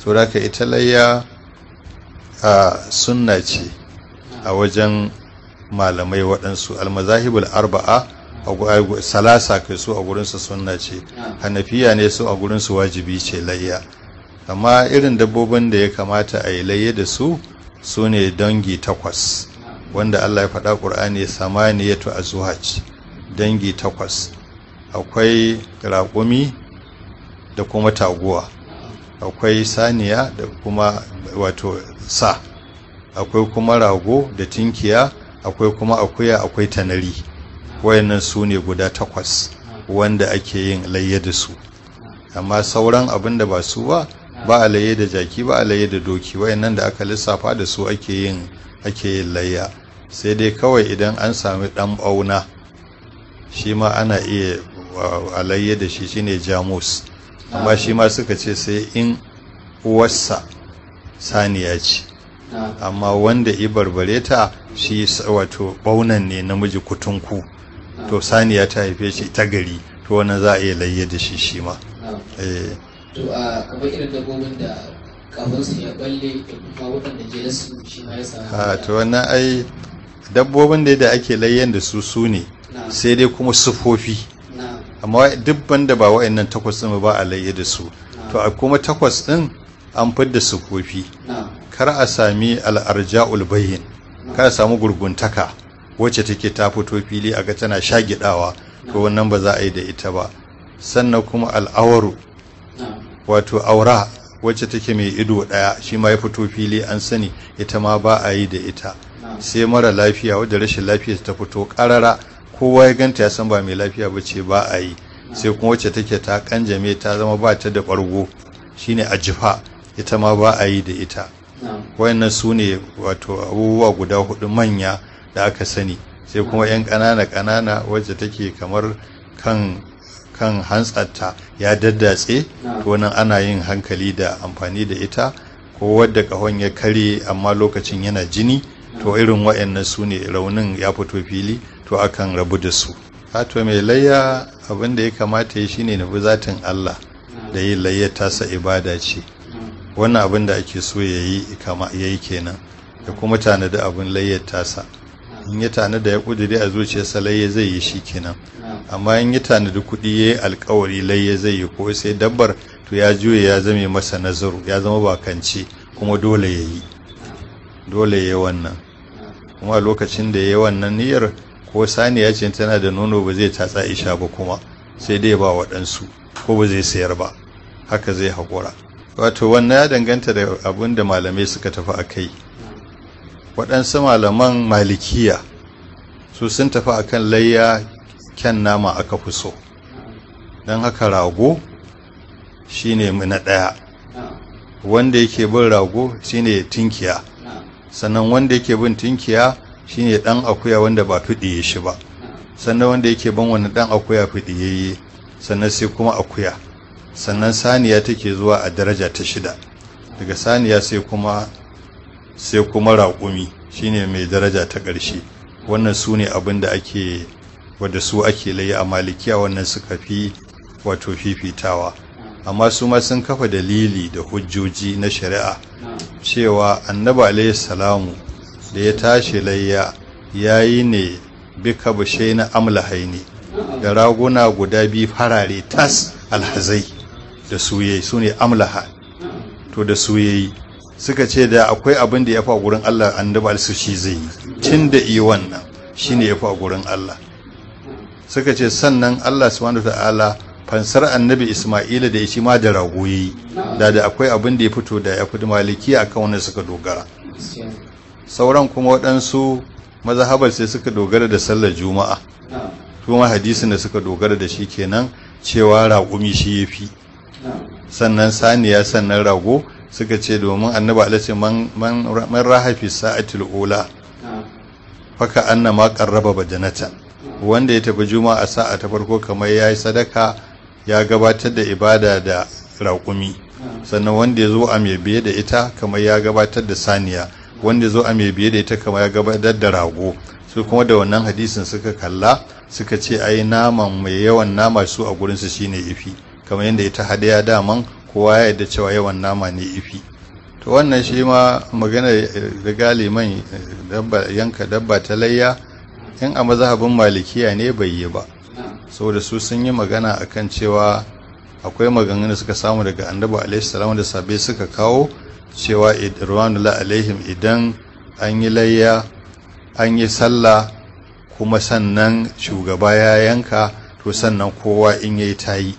suraka ita layya a sunna ce a wajen malamai waɗansu almazahibul arba'a salasa kai su a gurinsu sunna ce hanafiya ne su a gurinsu wajibi ce layya amma irin dabbobin da ya kamata a yi layya da su su ne dangi takwas wanda allah ya faɗa ƙur'ani samaniyatu azuhaj dangi takwas akwai raƙumi da kuma taguwa akwai saniya da kuma wato sa akwai kuma rago da tinkiya akwai kuma akuya akwai tanari wayannan su ne guda takwas wanda ake yin layye da su amma sauran abin da ba su ba ba a layye da jaki ba a layye da doki wayannan da aka lissafa da su ake yin ake yin layya sai dai kawai idan an sami dan bauna shi ma ana iya a layye da shi shine jamus amma shi ma suka ce sai in uwarsa saniya ce ah. amma wanda barbare ta shi wato baunan ne namiji kutunku ah. to saniya ta haife shi ta gari to wannan za a iya layye da shi shi ma ah. eh. to a kamar irin dabbobin da su ya balle da kuma waɗanda jelarsu shi ma ya sa. ha to wannan ai dabbobin da ake layyan da su su ne sai dai kuma sufofi amma duk banda ba wa'annan takwas ɗin ba a layye da su to a kuma takwas ɗin an fidda su kofi kar a sami al'arja'ul bayyin kar a samu gurguntaka wacce take ta fito fili a ga tana shagidawa to wannan ba za a yi da ita ba sannan kuma al'awaru wato aura wacce take mai ido ɗaya shi ma ya fito fili an sani ita ma ba a yi da ita sai mara lafiya wadda rashin lafiya ta fito ƙarara kowa ya ganta ya san ba mai lafiya ba ce ba a yi sai kuma wacce take ta kanjame ta zama ba ta da ɓargo shine a jifa ita ma ba a yi da ita wayannan su ne wato abubuwa guda hudu manya da aka sani sai kuma yan ƙanana ƙanana wacce take kamar kan kan hantsarta ya daddatse to ana yin hankali da amfani da ita ko wadda ƙahon ya kare amma lokacin yana jini to irin waɗannan su ne raunin ya fito fili to akan rabu da su Hato mai layya abin da ya kamata ya shine nufi zatin Allah da yin layya tasa ibada ce wannan abin da ake so ya yi kama ya yi kenan da kuma tanadi abin layyar tasa in ya tanada ya kudiri a zuciyarsa layya zai yi shi kenan amma in ya tanadi kuɗi ya yi alkawari layya zai yi ko sai dabbar to ya juya ya zame masa nazaru ya zama bakanci kuma dole ya yi dole ya yi wannan kuma lokacin da ya yi wannan niyyar ko saniya ce tana da nono ba zai tatsa isha ba kuma sai dai ba waɗansu ko ba zai sayar ba haka zai haƙura wato wannan ya danganta da abin da malamai suka tafi a kai waɗansu malaman malikiya su sun tafi a kan layya kyan nama aka fi so don haka rago shi ne na ɗaya wanda yake bin rago shi ne tinkiya sannan wanda yake bin tinkiya shine ɗan akuya wanda ba fiɗiye shi ba sannan wanda yake bin wani ɗan akuya fidiyayye sannan sai kuma akuya sannan saniya take zuwa a daraja ta shida daga saniya sai kuma sai kuma raƙumi shine mai daraja ta ƙarshe wannan su ne abin da ake wadda su ake layi a malikiya wannan suka fi wato fifitawa amma su ma sun kafa dalili da hujjoji na shari'a cewa annabi alayhi salamu da ya tashi layya yi ne bi kabashe na ne. da raguna guda biyu farare tas alhazai da su su ne amlaha to da su suka ce da akwai abin da ya fa gurin Allah annabi alaihi shi zai yi tun da iya wannan shine ya fa gurin Allah suka ce sannan Allah subhanahu ta'ala fansar annabi isma'ila da shi ma da rago da da akwai abin da ya fito da ya kudi maliki a wanda suka dogara sauran kuma waɗansu mazahabar sai suka dogara da sallar juma'a kuma hadisin da suka dogara da shi kenan cewa raƙumi shi ya fi. sannan saniya sannan rago suka ce domin annabi alaihi man rahafi sa'atul ula faka annama ba bajanata wanda ya tafi juma'a sa'a ta farko kamar ya yi sadaka ya gabatar da ibada da raƙumi sannan wanda ya zo a mai biye da ita kamar ya gabatar da saniya wanda ya zo a mai biye da ita kamar ya gabatar da rago su kuma da wannan hadisin suka kalla suka ce a yi naman mai yawan nama su a gurinsu shine ifi kamar yadda ita ya daman kowa ya yadda cewa yawan nama ne ifi to wannan shi ma magana da eh, galiman eh, yanka dabba ta layya in a mazhabin malikiya ne bai yi ba saboda su sun yi magana akan cewa akwai maganganu da suka samu daga annabi alaihi salam da sabai suka kawo cewa idwanullah alaihim idan an yi layya an yi sallah kuma sannan shugaba ya yanka to sannan kowa in yayi tayi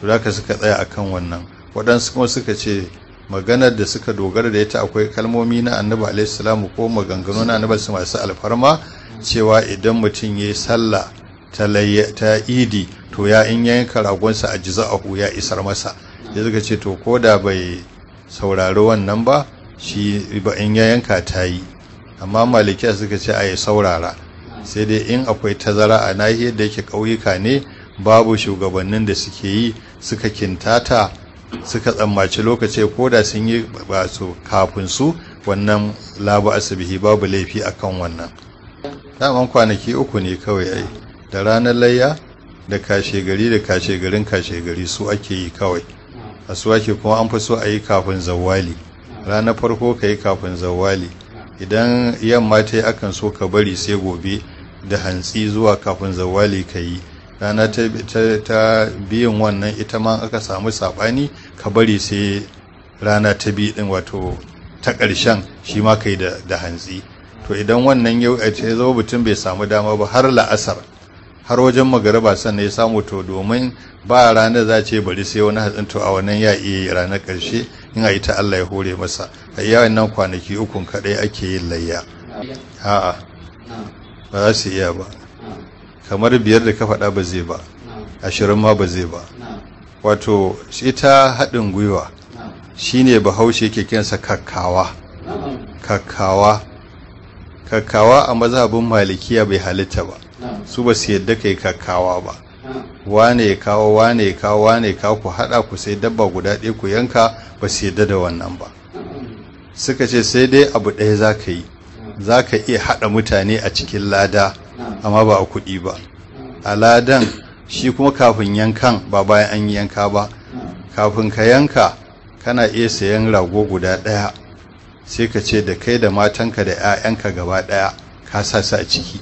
to ka suka tsaya akan wannan waɗansu kuma suka ce maganar da suka dogara da ita akwai kalmomi na annabi alaihi ko maganganu na annabi masu alfarma cewa idan mutum ya yi sallah ta idi to ya in yanka ragonsa a jiza a ya isar masa ya suka ce to ko da bai saurari wannan ba shi ba in ya yanka ta yi amma malikiya suka ce a yi saurara sai dai in akwai tazara a nahiyar da yake ƙauyuka ne babu shugabannin da suke yi suka kintata suka tsammaci lokaci ko da sun yi ba su kafin su wannan labu asibihi babu laifi akan wannan daman kwanaki uku ne kawai da ranar layya da kashe gari da kashe garin kashe gari su ake yi kawai a su ake kuma an fi so a yi kafin zawali ranar farko ka yi kafin zawali idan yamma ta yi akan so ka bari sai gobe da hantsi zuwa kafin zawali ka yi rana ta biyan wannan ita ma aka samu saɓani ka bari sai rana ta bi din wato ta ƙarshen shi ma ka yi da hantsi to idan wannan yau a ce zo mutum bai samu dama ba har la'asar har wajen magaraba sannan ya samu to domin ba ranar za ce bari sai wani hatsin to a wannan ya iya yi ranar karshe in a ita Allah ya hore masa a iya wannan kwanaki uku kaɗai ake yin layya a'a ba za su iya ba kamar biyar da ka faɗa ba zai ba ashirin ma ba zai ba wato ita haɗin gwiwa shine bahaushe yake kiransa kakkawa kakkawa kakawa a mazhabin malikiya bai halitta ba su ba su yadda kai kakawa ba wane ya kawo wane ya kawo wane ya kawo ku haɗa ku sai dabba guda ɗaya ku yanka ba su yadda da wannan ba suka ce sai dai abu ɗaya za ka yi za ka iya haɗa mutane a cikin lada amma ba a kuɗi ba a ladan shi kuma kafin yankan ba bayan an yanka ba kafin ka yanka kana iya sayan rago guda ɗaya sai ka ce da kai da matanka da 'ya'yanka gaba ɗaya ka sa su a ciki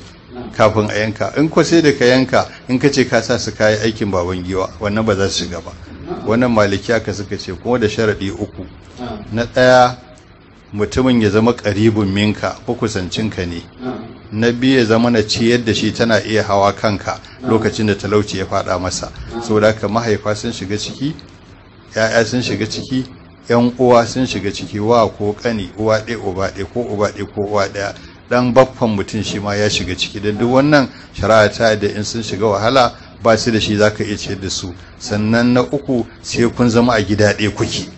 kafin a yanka in ko sai da ka yanka in ka ce ka sa su kayi aikin baban giwa wannan ba za su shiga ba wannan maliki aka suka ce kuma da sharaɗi uku na ɗaya mutumin ya zama ƙaribin minka ko kusancinka ne na biyu ya zama na ciyar da shi tana iya hawa kanka lokacin da talauci ya faɗa masa saboda haka mahaifa sun shiga ciki 'ya'ya sun shiga ciki yan uwa sun shiga ciki wa ko kani uwa ɗaya uba ɗaya ko uba ɗaya ko uwa ɗaya dan baffan mutum shi ma ya shiga ciki da duk wannan shari'a ta da in sun shiga wahala ba su da shi zaka iya ciyar da su sannan na uku sai kun zama a gida ɗaya kuke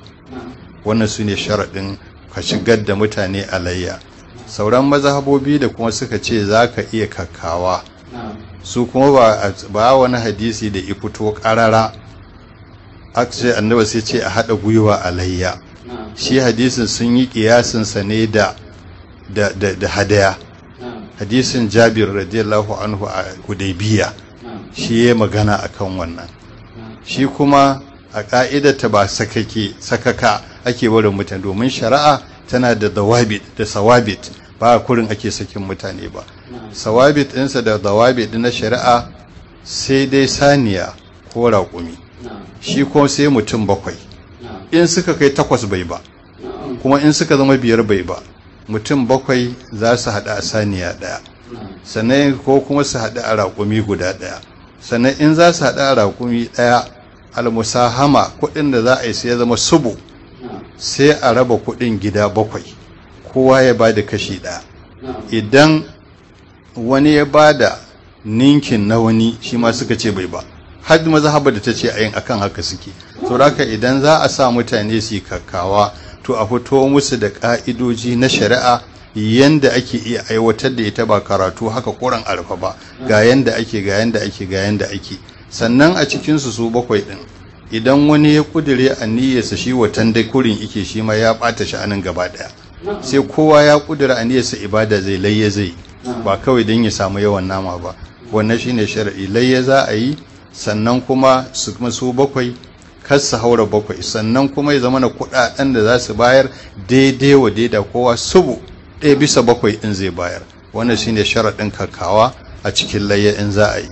wannan su ne sharaɗin ka shigar da mutane alayya sauran mazhabobi da kuma suka ce zaka iya kakkawa su kuma ba wani hadisi da ya fito ƙarara aka ce annaba sai ce a haɗa gwiwa a layya shi hadisin sun yi ƙiyasinsa ne da hadaya hadisin jabir radiyallahu anhu a hudaybiya shi ya magana akan wannan shi kuma a ta ba sakake sakaka ake barin mutane domin shari'a tana da dawabit da sawabit ba a kurin ake sakin mutane ba sawabit ɗinsa da dawabit na shari'a sai dai saniya ko raƙumi shi ko sai mutum bakwai in suka kai takwas bai ba kuma in suka zama biyar bai ba mutum bakwai za su haɗa a saniya ɗaya sannan ko kuma su haɗa a raƙumi guda ɗaya sannan in za su haɗa a raƙumi ɗaya almusahama kuɗin da za a yi sai ya zama subu sai a raba kuɗin gida bakwai kowa ya ba da kashi ɗaya idan wani ya ba da ninkin na wani shi ma suka ce bai ba har mazhabar da ta ce ayin akan haka suke to haka idan za a sa mutane su kakkawa to a fito musu da ka'idoji na shari'a yanda ake iya aiwatar da ita ba karatu haka kuran alfa ba ga yanda ake ga yanda ake ga yanda ake sannan a cikin su su bakwai din idan wani ya kudire sa shi watan da kurin ike shi ma ya bata sha'anin gaba daya sai kowa ya kudura aniyarsa ibada zai layya zai ba kawai dan ya samu yawan nama ba wannan shine shar'i layya za a yi sannan kuma su kuma su bakwai kar su haura bakwai sannan kuma ya zama na kuɗaɗen da za su bayar daidai wa daida kowa subu ɗaya bisa bakwai in zai bayar wannan shine sharaɗin kakawa a cikin layya in za a yi